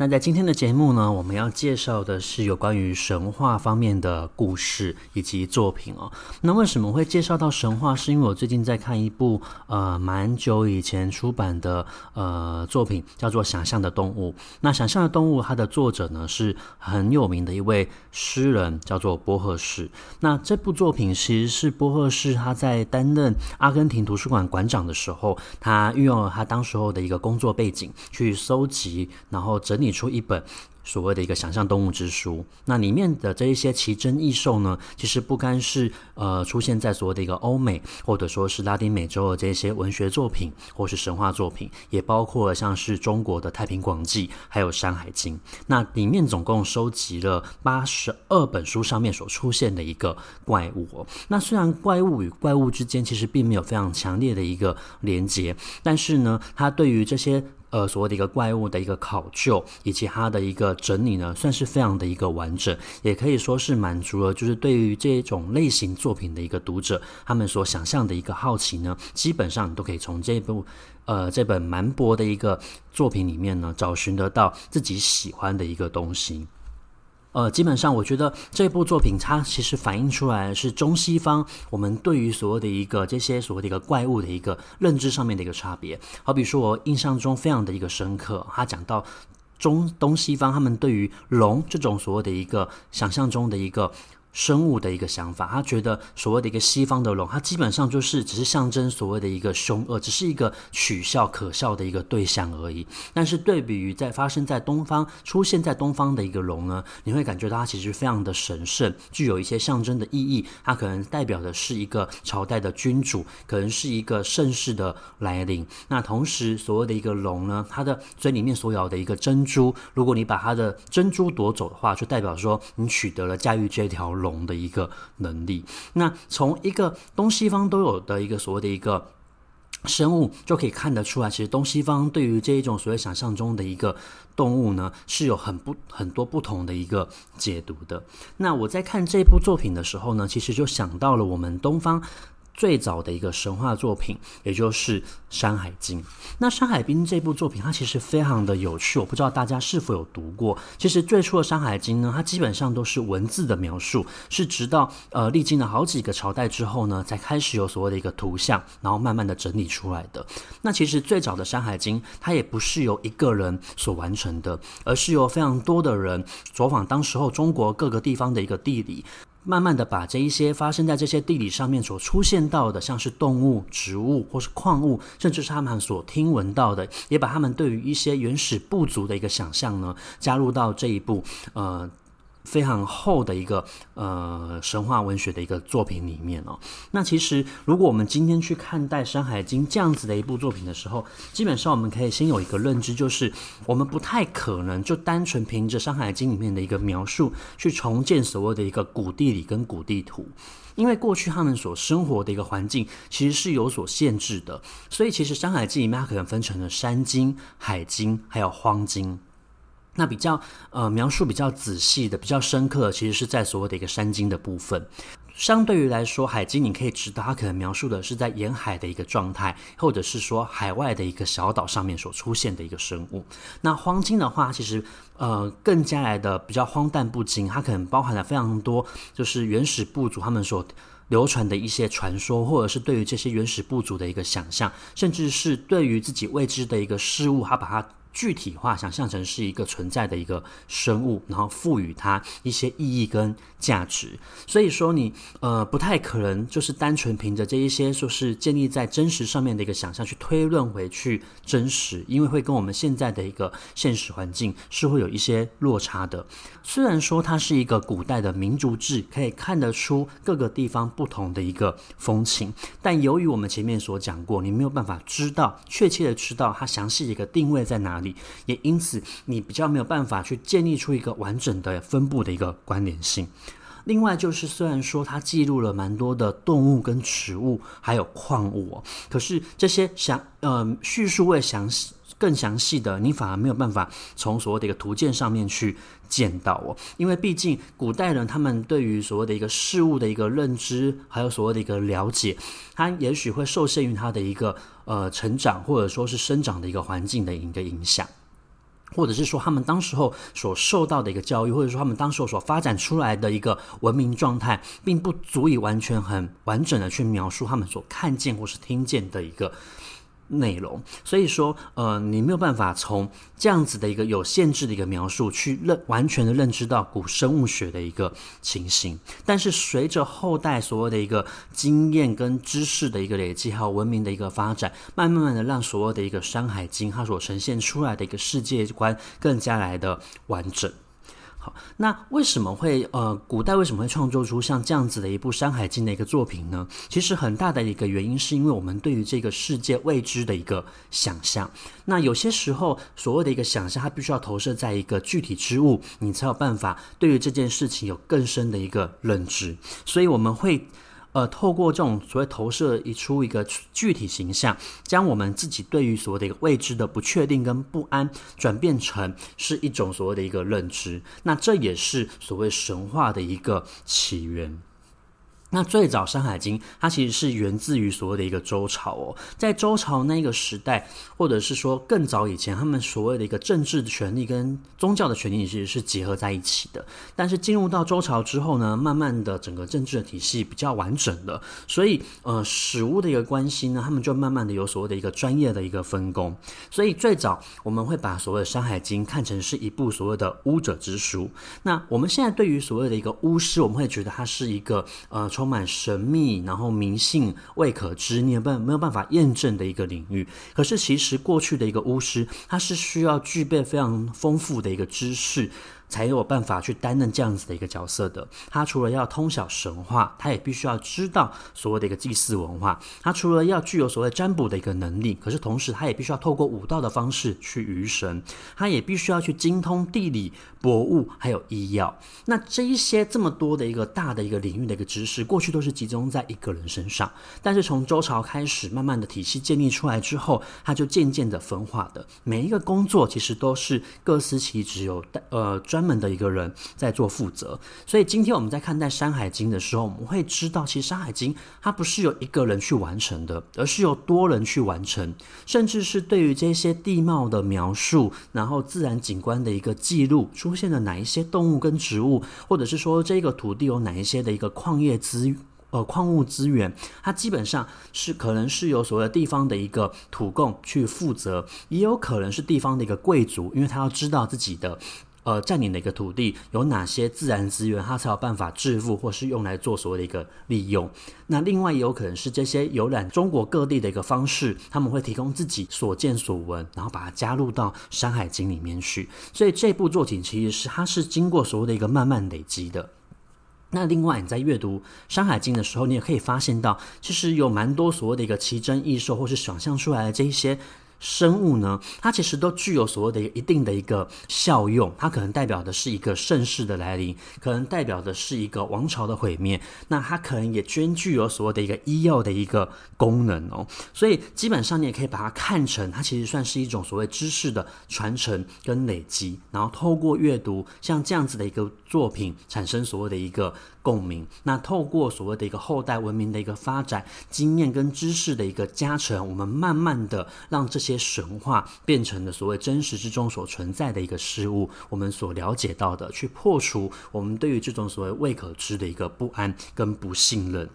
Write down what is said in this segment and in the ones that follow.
那在今天的節目呢，我們要介紹的是有關於神話方面的故事以及作品哦。那為什麼會介紹到神話？是因為我最近在看一部呃，蠻久以前出版的呃作品，叫做《想象的動物》。那《想象的動物》它的作者呢是很有名的一位詩人，叫做波赫士。那這部作品其實是波赫士他在擔任阿根廷圖書館館館長的時候，他運用了他當時候的一個工作背景去搜集，然後整理。出一本所謂的一個想象動物之書。那裡面的這一些奇珍異獸呢，其實不單是呃出現在所謂的一個歐美，或者說是拉丁美洲的這些文學作品，或是神話作品，也包括像是中國的《太平廣記》，還有《山海經》。那裡面總共收集了八十二本書上面所出現的一個怪物。那雖然怪物與怪物之間其實並沒有非常強烈的一個連接，但是呢，它對於這些。呃，所謂的一個怪物的一個考究以及它的一個整理呢，算是非常的一個完整，也可以說是滿足了，就是對於這種類型作品的一個讀者，他們所想象的一個好奇呢，基本上你都可以從這部，呃，這本蠻薄的一個作品裡面呢，找尋得到自己喜歡的一個東西。呃，基本上我覺得這部作品，它其實反映出來是中西方我們對於所有的一個這些所謂的一個怪物的一個認知上面的一個差別。好比說，我印象中非常的一個深刻，它講到中東西方他們對於龍這種所謂的一個想象中的一個生物的一個想法，他覺得所謂的一個西方的龍，它基本上就是只是象徵所謂的一個凶惡，只是一個取笑可笑的一個對象而已。但是對比於在發生在東方、出現在東方的一個龍呢，你會感覺到它其實非常的神聖，具有一些象徵的意義。它可能代表的是一個朝代的君主，可能是一個盛世的來臨。那同時，所謂的一個龍呢，它的嘴裡面所咬的一個珍珠，如果你把它的珍珠奪走的話，就代表說你取得了駕馭這條龍。龍的一個能力，那從一個東西方都有的一個所謂的一個生物，就可以看得出來，其實東西方對於這一種所謂想象中的一個動物呢，是有很不很多不同的一個解讀的。那我在看這部作品的時候呢，其實就想到了我們東方，最早的一個神話作品，也就是《山海經》。那《山海經》這部作品，它其實非常的有趣，我不知道大家是否有讀過。其實最初的《山海經》呢，它基本上都是文字的描述，是直到呃歷經了好幾個朝代之後呢，才開始有所謂的一個圖像，然後慢慢的整理出來的。那其實最早的《山海經》，它也不是由一個人所完成的，而是由非常多的人走訪當時候中國各個地方的一個地理。慢慢的把這一些發生在這些地理上面所出現到的，像是動物、植物或是礦物，甚至是他們所聽聞到的，也把他們對於一些原始部族的一個想象呢，加入到這一部，呃、非常厚的一個呃，神話文學的一個作品裡面哦，那其實如果我們今天去看待《山海經》這樣子的一部作品的時候，基本上我們可以先有一個認知，就是我們不太可能就單純憑着《山海經》裡面的一個描述，去重建所謂的一個古地理跟古地圖，因為過去他們所生活的一個環境其實是有所限制的，所以其實《山海經》裡面它可能分成了山經、海經，還有荒經。那比較呃描述比較仔細的，比較深刻的，其實是在所謂的一個山經的部分。相對於來說，海經你可以知道，它可能描述的是在沿海的一個狀態，或者是說海外的一個小島上面所出現的一個生物。那荒經的話，其實呃更加來的比較荒誕不經，它可能包含了非常多，就是原始部族他們所流傳的一些傳說，或者是對於這些原始部族的一個想象，甚至是對於自己未知的一個事物，它把它。具體化想象成是一個存在的一個生物，然後賦予它一些意義跟價值。所以說你呃不太可能就是單純憑着這一些就是建立在真實上面的一個想象去推論回去真實，因為會跟我們現在的一個現實環境是會有一些落差的。雖然說它是一個古代的民族誌，可以看得出各個地方不同的一個風情，但由於我們前面所講過，你沒有辦法知道確切的知道它詳細的一個定位在哪裡。也因此，你比較沒有辦法去建立出一個完整的分布的一個關聯性。另外，就是雖然說它記錄了蠻多的動物跟植物，還有礦物哦，可是這些詳呃敘述會詳細、更詳細的，你反而沒有辦法從所謂的一個圖鑑上面去見到哦。因為畢竟古代人他們對於所謂的一個事物的一個認知，還有所謂的一個了解，它也許會受限於他的一個。呃，成長或者說是生長的一個環境的一個影響，或者是說他們當時候所受到的一個教育，或者說他們當時候所發展出來的一個文明狀態，並不足以完全很完整的去描述他們所看見或是聽見的一個。內容，所以說，呃，你沒有辦法從這樣子的一個有限制的一個描述去認，完全的認知到古生物學的一個情形。但是隨着後代所有的一個經驗跟知識的一個累積，還有文明的一個發展，慢慢慢的讓所有的一個《山海經》它所呈現出來的一個世界觀更加來的完整。好，那為什麼會呃，古代為什麼會創作出像這樣子的一部《山海經》的一個作品呢？其實很大的一個原因，是因為我們對於這個世界未知的一個想象。那有些時候，所謂的一個想象，它必須要投射在一個具體之物，你才有辦法對於這件事情有更深的一個認知。所以我們會呃，透過這種所謂投射，一出一個具體形象，將我們自己對於所謂的一個未知的不確定跟不安，轉變成是一種所謂的一個認知，那這也是所謂神話的一個起源。那最早《山海經》，它其實是源自於所謂的一個周朝哦，在周朝那個時代，或者是說更早以前，他們所謂的一個政治的權力跟宗教的權力其實是結合在一起的。但是進入到周朝之後呢，慢慢的整個政治的體系比較完整了，所以呃，史巫的一個關係呢，他們就慢慢的有所謂的一個專業的一個分工。所以最早我們會把所謂的《山海經》看成是一部所謂的巫者之書。那我們現在對於所謂的一個巫師，我們會覺得它是一個呃。充滿神秘，然後迷信、未可知，你有辦沒有辦法驗證的一個領域。可是，其實過去的一個巫師，他是需要具備非常豐富的一個知識，才有辦法去擔任這樣子的一個角色的。他除了要通曉神話，他也必須要知道所謂的一個祭祀文化。他除了要具有所謂占卜的一個能力，可是同時他也必須要透過舞蹈的方式去娛神。他也必須要去精通地理、博物，還有醫藥。那這一些這麼多的一個大的一個領域的一個知識，過去都是集中在一個人身上。但是從周朝開始，慢慢的體系建立出來之後，他就漸漸的分化的。每一個工作其實都是各司其職，有呃專，專門的一個人在做負責，所以今天我們在看待《山海經》的時候，我們會知道，其實《山海經》它不是由一個人去完成的，而是由多人去完成。甚至是對於這些地貌的描述，然後自然景觀的一個記錄，出現了哪一些動物跟植物，或者是說這個土地有哪一些的一個礦業資呃礦物資源，它基本上是可能是由所謂的地方的一個土貢去負責，也有可能是地方的一個貴族，因為他要知道自己的。呃，佔領哪個土地，有哪些自然資源，他才有辦法致富，或是用來做所謂的一個利用。那另外也有可能是這些遊覽中國各地的一個方式，他們會提供自己所見所聞，然後把它加入到《山海經》裡面去。所以這部作品其實是它是經過所謂的一個慢慢累積的。那另外你在閱讀《山海經》的時候，你也可以發現到，其實有蠻多所謂的一個奇珍異獸，或是想象出來的這一些。生物呢，它其實都具有所謂的一個，一定的一個效用，它可能代表的是一個盛世的來臨，可能代表的是一個王朝的毀滅，那它可能也均具有所謂的一個醫藥的一個功能哦。所以基本上你也可以把它看成，它其實算是一種所謂知識的傳承跟累積，然後透過閱讀像這樣子的一個作品，產生所謂的一個。共鳴。那透過所謂的一個後代文明的一個發展經驗跟知識的一個加成，我們慢慢的讓這些神話變成了所謂真實之中所存在的一個事物。我們所了解到的，去破除我們對於這種所謂未可知的一個不安跟不信任。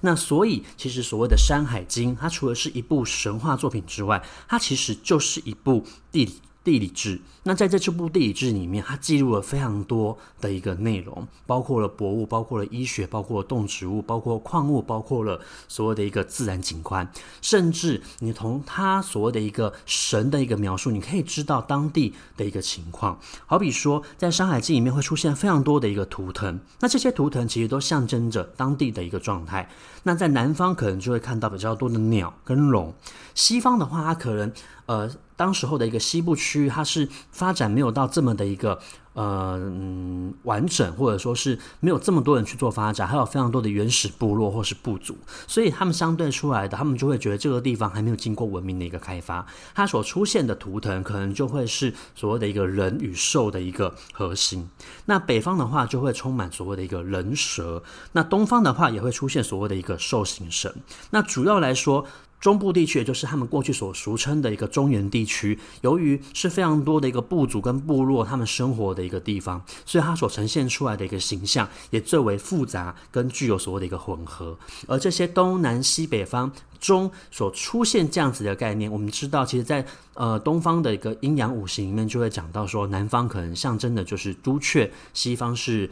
那所以，其實所謂的《山海經》，它除了是一部神話作品之外，它其實就是一部地理，地理志，那在這部地理志裡面，它記錄了非常多的一個內容，包括了博物，包括了醫學，包括動植物，包括礦物，包括了所謂的一個自然景觀，甚至你從它所謂的一個神的一個描述，你可以知道當地的一個情況。好比說，在山海經裡面會出現非常多的一個圖騰，那這些圖騰其實都象徵着當地的一個狀態。那在南方可能就會看到比較多的鳥跟龍，西方的話，它可能。呃，當時候的一個西部區域，它是發展沒有到這麼的一個呃、嗯、完整，或者說是沒有這麼多人去做發展，還有非常多的原始部落或是部族，所以他們相對出來的，他們就會覺得這個地方還沒有經過文明的一個開發，它所出現的圖騰可能就會是所謂的一個人與獸的一個核心。那北方的話就會充滿所謂的一個人蛇，那東方的話也會出現所謂的一個獸形神。那主要來說。中部地區，也就是他們過去所俗稱的一個中原地區，由於是非常多的一個部族跟部落，他們生活的一個地方，所以它所呈現出來的一個形象也最為複雜跟具有所謂的一個混合。而這些東南西北方中所出現這樣子的概念，我們知道，其實在，在呃東方的一個陰陽五行裡面就會講到說，南方可能象徵的就是朱雀，西方是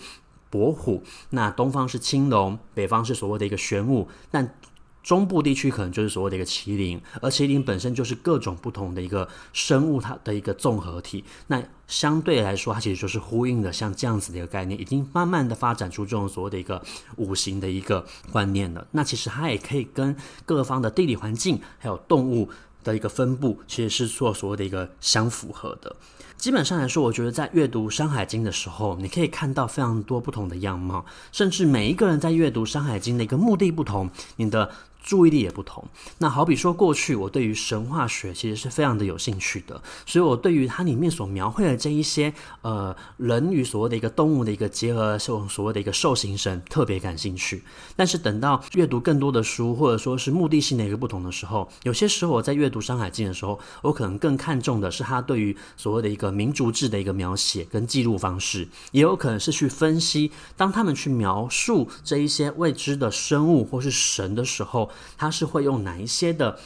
白虎，那東方是青龍，北方是所謂的一個玄武，但。中部地區可能就是所謂的一個麒麟，而麒麟本身就是各種不同的一個生物，它的一個綜合體。那相對來說，它其實就是呼應的，像這樣子的一個概念，已經慢慢的發展出這種所謂的一個五行的一個觀念了。那其實它也可以跟各方的地理環境還有動物的一個分佈，其實是做所謂的一個相符合的。基本上來說，我覺得在閱讀《山海經》的時候，你可以看到非常多不同的樣貌，甚至每一個人在閱讀《山海經》的一個目的不同，你的，注意力也不同。那好比說，過去我對於神話學其實是非常的有興趣的，所以我對於它裡面所描繪的這一些呃人與所謂的一個動物的一個結合，獸所謂的一個獸形神特別感興趣。但是等到閱讀更多的書，或者說是目的性的一個不同的時候，有些時候我在閱讀《山海經》的時候，我可能更看重的是它對於所謂的一個民族志的一個描寫跟記錄方式，也有可能是去分析當他們去描述這一些未知的生物或是神的時候。它是會用哪一些的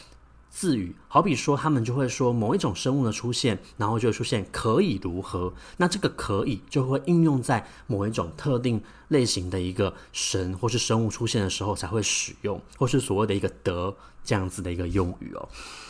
字語？好比說，他們就會說某一種生物的出現，然後就會出現可以如何？那這個“可以”就會應用在某一種特定類型的一個神或是生物出現的時候才會使用，或是所謂的一個“德”這樣子的一個用語哦。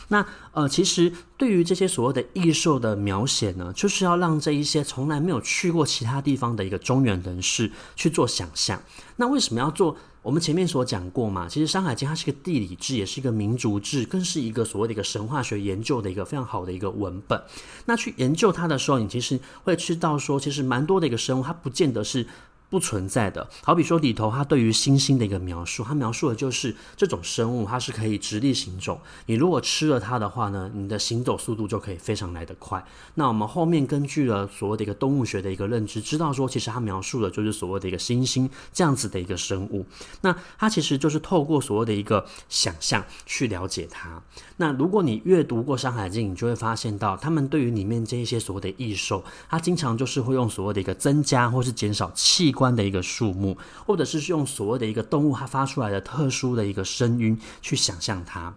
那呃，其實對於這些所謂的異獸的描寫呢，就是要讓這一些從來沒有去過其他地方的一個中原人士去做想象。那為什麼要做？我們前面所講過嘛，其實《山海經》它是個地理志，也是一個民族志，更是一個所謂的一個神話學研究的一個非常好的一個文本。那去研究它的時候，你其實會知道說，其實蠻多的一個生物，它不見得是。不存在的，好比說裡頭它對於猩猩的一個描述，它描述的就是這種生物，它是可以直立行走。你如果吃了它的話呢，你的行走速度就可以非常來得快。那我們後面根據了所謂的一個動物學的一個認知，知道說其實它描述的就是所謂的一個猩猩這樣子的一個生物。那它其實就是透過所謂的一個想象去了解它。那如果你閱讀過《山海經》，你就會發現到，他們對於裡面這一些所謂的異獸，它經常就是會用所謂的一個增加或是減少氣關的一個樹木，或者是是用所謂的一個動物，它發出來的特殊的一個聲音去想象它。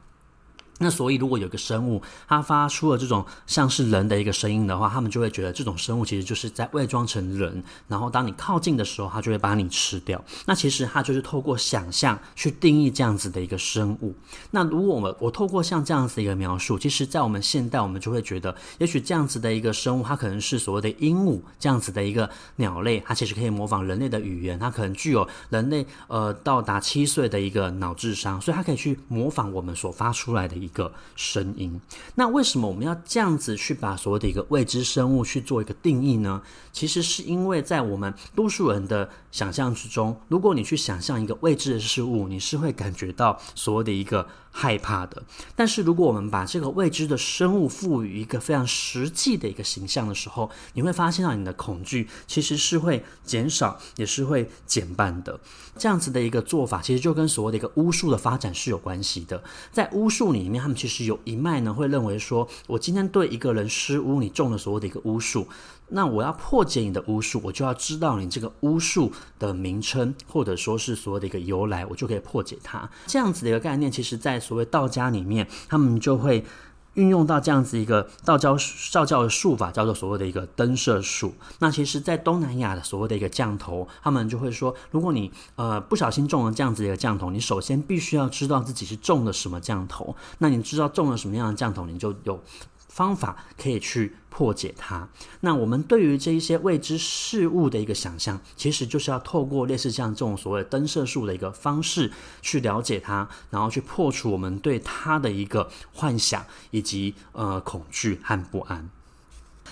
那所以，如果有個生物，它發出了這種像是人的一個聲音的話，他們就會覺得這種生物其實就是在偽裝成人。然後，當你靠近的時候，它就會把你吃掉。那其實它就是透過想象去定義這樣子的一個生物。那如果我們我透過像這樣子的一個描述，其實，在我們現代，我們就會覺得，也許這樣子的一個生物，它可能是所謂的鸚鵡這樣子的一個鳥類，它其實可以模仿人類的語言，它可能具有人類呃到達七歲的一個腦智商，所以它可以去模仿我們所發出來的一。一個聲音，那為什麼我們要這樣子去把所謂的一個未知生物去做一個定義呢？其實是因為在我們多數人的想象之中，如果你去想象一個未知的事物，你是會感覺到所謂的一個。害怕的，但是如果我們把這個未知的生物賦予一個非常實際的一個形象的時候，你會發現到你的恐懼其實是會減少，也是會減半的。這樣子的一個做法，其實就跟所謂的一個巫術的發展是有關係的。在巫術裡面，他們其實有一脈呢會認為說，我今天對一個人施巫，你中了所謂的一個巫術，那我要破解你的巫術，我就要知道你這個巫術的名稱，或者說是所謂的一個由來，我就可以破解它。這樣子的一個概念，其實在。所謂道家裡面，他們就會運用到這樣子一個道教、道教的術法，叫做所謂的一個燈射術。那其實，在東南亞的所謂的一個降頭，他們就會說，如果你呃不小心中了這樣子一個降頭，你首先必須要知道自己是中了什麼降頭。那你知道中了什麼樣的降頭，你就有方法可以去破解它。那我們對於這一些未知事物的一個想象，其實就是要透過類似像這種所謂登涉術的一個方式去了解它，然後去破除我們對它的一個幻想以及呃恐懼和不安。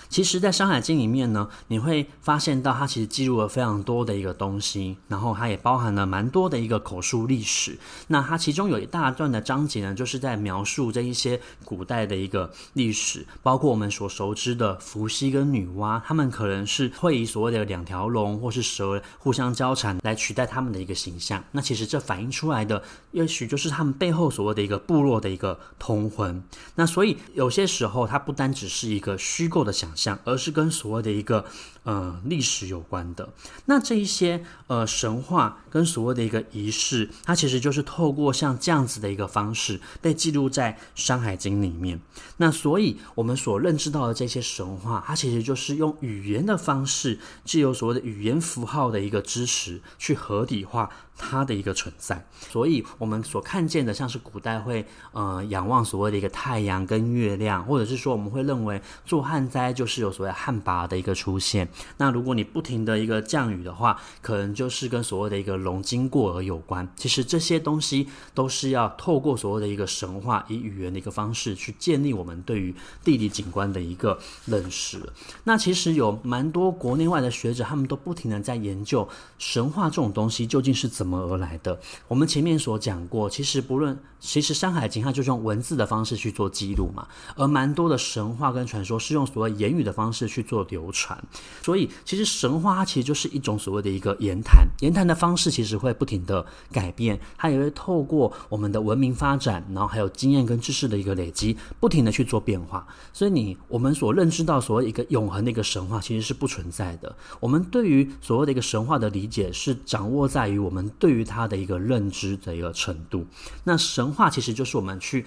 其實，在《山海經》裡面呢，你會發現到它其實記錄了非常多的一個東西，然後它也包含了蠻多的一個口述歷史。那它其中有一大段的章節呢，就是在描述這一些古代的一個歷史，包括我們所熟知的伏羲跟女媧，他們可能是會以所謂的兩條龍或是蛇互相交纏來取代他們的一個形象。那其實這反映出來的，也許就是他們背後所謂的一個部落的一個通婚。那所以有些時候，它不單只是一個虛構的想象。想，而是跟所謂的一個，呃，歷史有關的，那這一些呃神話跟所謂的一個儀式，它其實就是透過像這樣子的一個方式被記錄在《山海經》裡面。那所以，我們所認知到的這些神話，它其實就是用語言的方式，具有所謂的語言符號的一個知識去合理化它的一個存在。所以，我們所看見的像是古代會呃仰望所謂的一個太陽跟月亮，或者是說我們會認為做旱災就是有所謂旱魃的一個出現。那如果你不停的一個降雨的話，可能就是跟所謂的一個龍經過而有關。其實這些東西都是要透過所謂的一個神話，以語言的一個方式去建立我們對於地理景觀的一個認識。那其實有蠻多國內外的學者，他們都不停的在研究神話這種東西究竟是怎麼而來的。我們前面所講過，其實不論其實《山海經》它就是用文字的方式去做記錄嘛，而蠻多的神話跟傳說是用所謂言語的方式去做流傳。所以，其實神話其實就是一種所謂的一個言談，言談的方式其實會不停的改變，它也會透過我們的文明發展，然後還有經驗跟知識的一個累積，不停的去做變化。所以你，你我們所認知到所謂一個永恆的一個神話，其實是不存在的。我們對於所謂的一個神話的理解，是掌握在於我們對於它的一個認知的一個程度。那神話其實就是我們去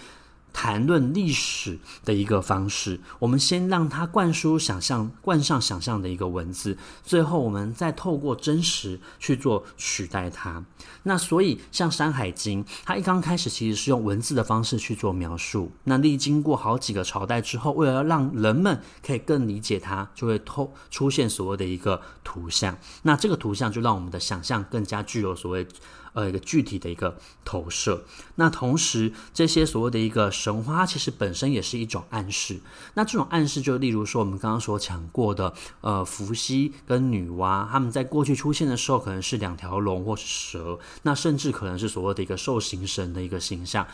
談論歷史的一個方式，我們先讓它灌輸想象，灌上想象的一個文字，最後我們再透過真實去做取代它。那所以像《山海經》，它一剛開始其實是用文字的方式去做描述。那歷經過好幾個朝代之後，為了要讓人們可以更理解它，就會透出現所謂的一個圖像。那這個圖像就讓我們的想象更加具有所謂。呃，一個具體的一個投射。那同時，這些所謂的一個神話，其實本身也是一種暗示。那這種暗示，就例如說我們剛剛所講過的，呃，伏羲跟女媧他們在過去出現的時候，可能是兩條龍或是蛇，那甚至可能是所謂的一個獸形神的一個形象。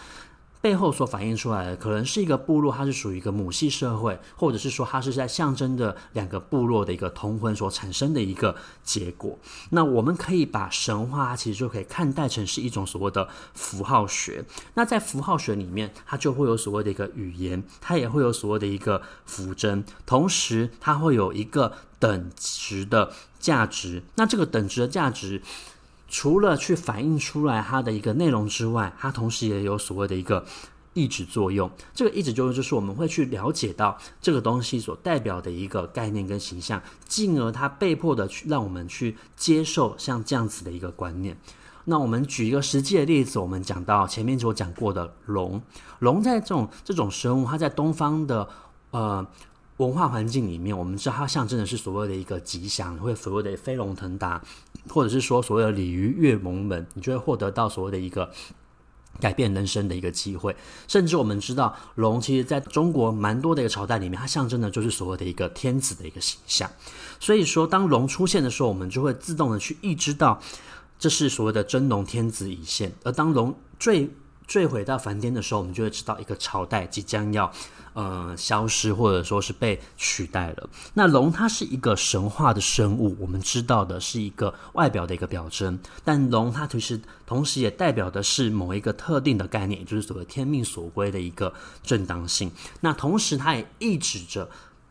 背後所反映出來的，可能是一個部落，它是屬於一個母系社會，或者是說它是在象徵著兩個部落的一個通婚所產生的一個結果。那我們可以把神話，其實就可以看待成是一種所謂的符號學。那在符號學裡面，它就會有所謂的一個語言，它也會有所謂的一個符徵，同時它會有一個等值的價值。那這個等值的價值，除了去反映出來它的一個內容之外，它同時也有所謂的一個抑制作用。這個抑制作用就是我們會去了解到這個東西所代表的一個概念跟形象，進而它被迫的去讓我們去接受像這樣子的一個觀念。那我們舉一個實際的例子，我們講到前面所講過的龍，龍在這種這種生物，它在東方的呃文化環境裡面，我們知道它象徵的是所謂的一個吉祥，會所謂的飛龍騰達。或者是說，所謂的鯉魚躍龍門，你就會獲得到所謂的一個改變人生的一個機會。甚至我們知道，龍其實在中國蠻多的一個朝代裡面，它象徵的就是所謂的一個天子的一個形象。所以說，當龍出現的時候，我們就會自動的去預知到，這是所謂的真龍天子已現。而當龍最墜毀到凡間的時候，我們就會知道一個朝代即將要，呃，消失或者說是被取代了。那龍它是一個神話的生物，我們知道的是一個外表的一個表徵，但龍它其實同時也代表的是某一個特定的概念，就是所謂天命所歸的一個正當性。那同時它也抑制着。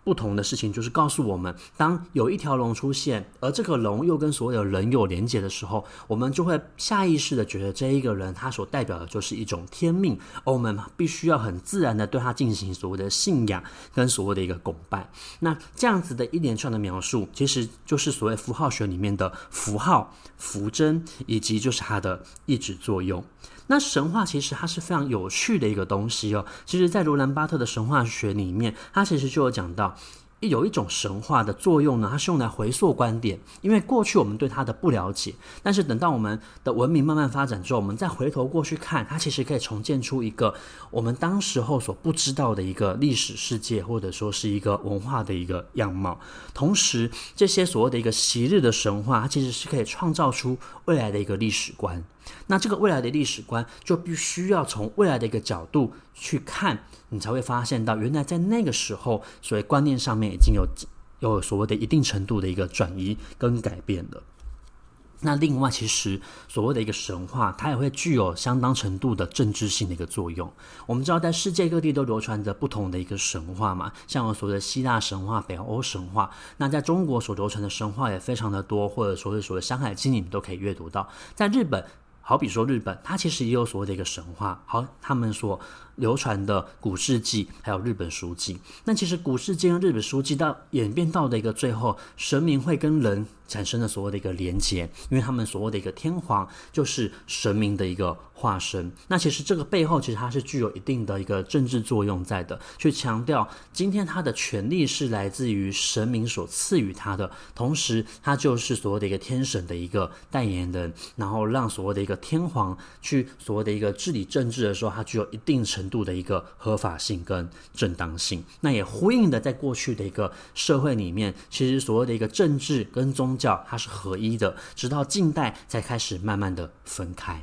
不同的事情就是告訴我們，當有一條龍出現，而這個龍又跟所有人有連接的時候，我們就會下意識的覺得這一個人他所代表的就是一種天命，哦，我們必須要很自然的對他進行所謂的信仰跟所謂的一個供拜。那這樣子的一連串的描述，其實就是所謂符號學裡面的符號、符徵，以及就是它的意指作用。那神話其實它是非常有趣的一個東西哦。其實，在羅蘭巴特的神話學裡面，他其實就有講到，一有一種神話的作用呢，它是用來回溯觀點，因為過去我們對它的不了解。但是等到我們的文明慢慢發展之後，我們再回頭過去看，它其實可以重建出一個我們當時候所不知道的一個歷史世界，或者說是一個文化的一個樣貌。同時，這些所謂的一個昔日的神話，它其實是可以創造出未來的一個歷史觀。那這個未來的歷史觀就必須要從未來的一個角度去看，你才會發現到，原來在那個時候，所謂觀念上面已經有有所謂的一定程度的一個轉移跟改變了。那另外，其實所謂的一個神話，它也會具有相當程度的政治性的一個作用。我們知道，在世界各地都流傳着不同的一個神話嘛，像我所說的希臘神話、北歐神話。那在中國所流傳的神話也非常的多，或者說是所謂《山海經》，你們都可以閱讀到，在日本。好比說日本，它其實也有所謂的一個神話，好，他們所流傳的古事記，還有日本書紀，那其實古事記跟日本書紀到演變到的一個最後，神明會跟人。產生了所謂的一個連結，因為他們所謂的一個天皇就是神明的一個化身。那其實這個背後其實它是具有一定的一個政治作用在的，去強調今天他的權力是來自於神明所賜予他的，同時他就是所謂的一個天神的一個代言人，然後讓所謂的一個天皇去所謂的一個治理政治的時候，他具有一定程度的一個合法性跟正當性。那也呼應的在過去的一個社會裡面，其實所謂的一個政治跟宗教它是合一的，直到近代才開始慢慢的分開。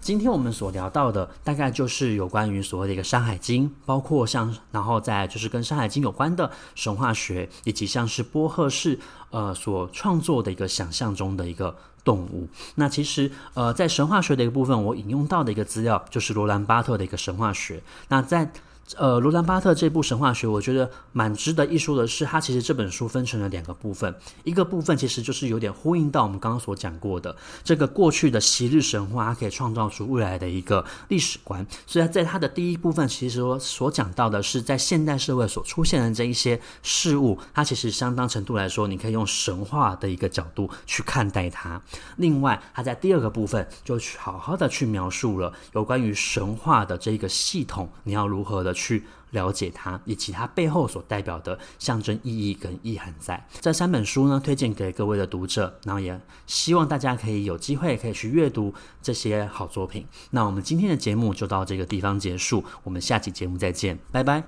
今天我們所聊到的，大概就是有關於所謂的一個《山海經》，包括像，然後在就是跟《山海經》有關的神話學，以及像是波赫士呃所創作的一個想象中的一個動物。那其實呃在神話學的一個部分，我引用到的一個資料就是羅蘭巴特的一個神話學。那在呃，羅蘭巴特這部神話學，我覺得蠻值得一說的是，他其實這本書分成了兩個部分，一個部分其實就是有點呼應到我們剛剛所講過的這個過去的昔日神話可以創造出未來的一個歷史觀。所以在他的第一部分，其實說所講到的是在現代社會所出現的這一些事物，它其實相當程度來說，你可以用神話的一個角度去看待它。另外，他在第二個部分，就去好好的去描述了有關於神話的這個系統，你要如何的。去了解它以及它背後所代表的象徵意義跟意涵在，在這三本書呢，推薦給各位的讀者，然後也希望大家可以有機會可以去閱讀這些好作品。那我們今天的節目就到這個地方結束，我們下期節目再見，拜拜。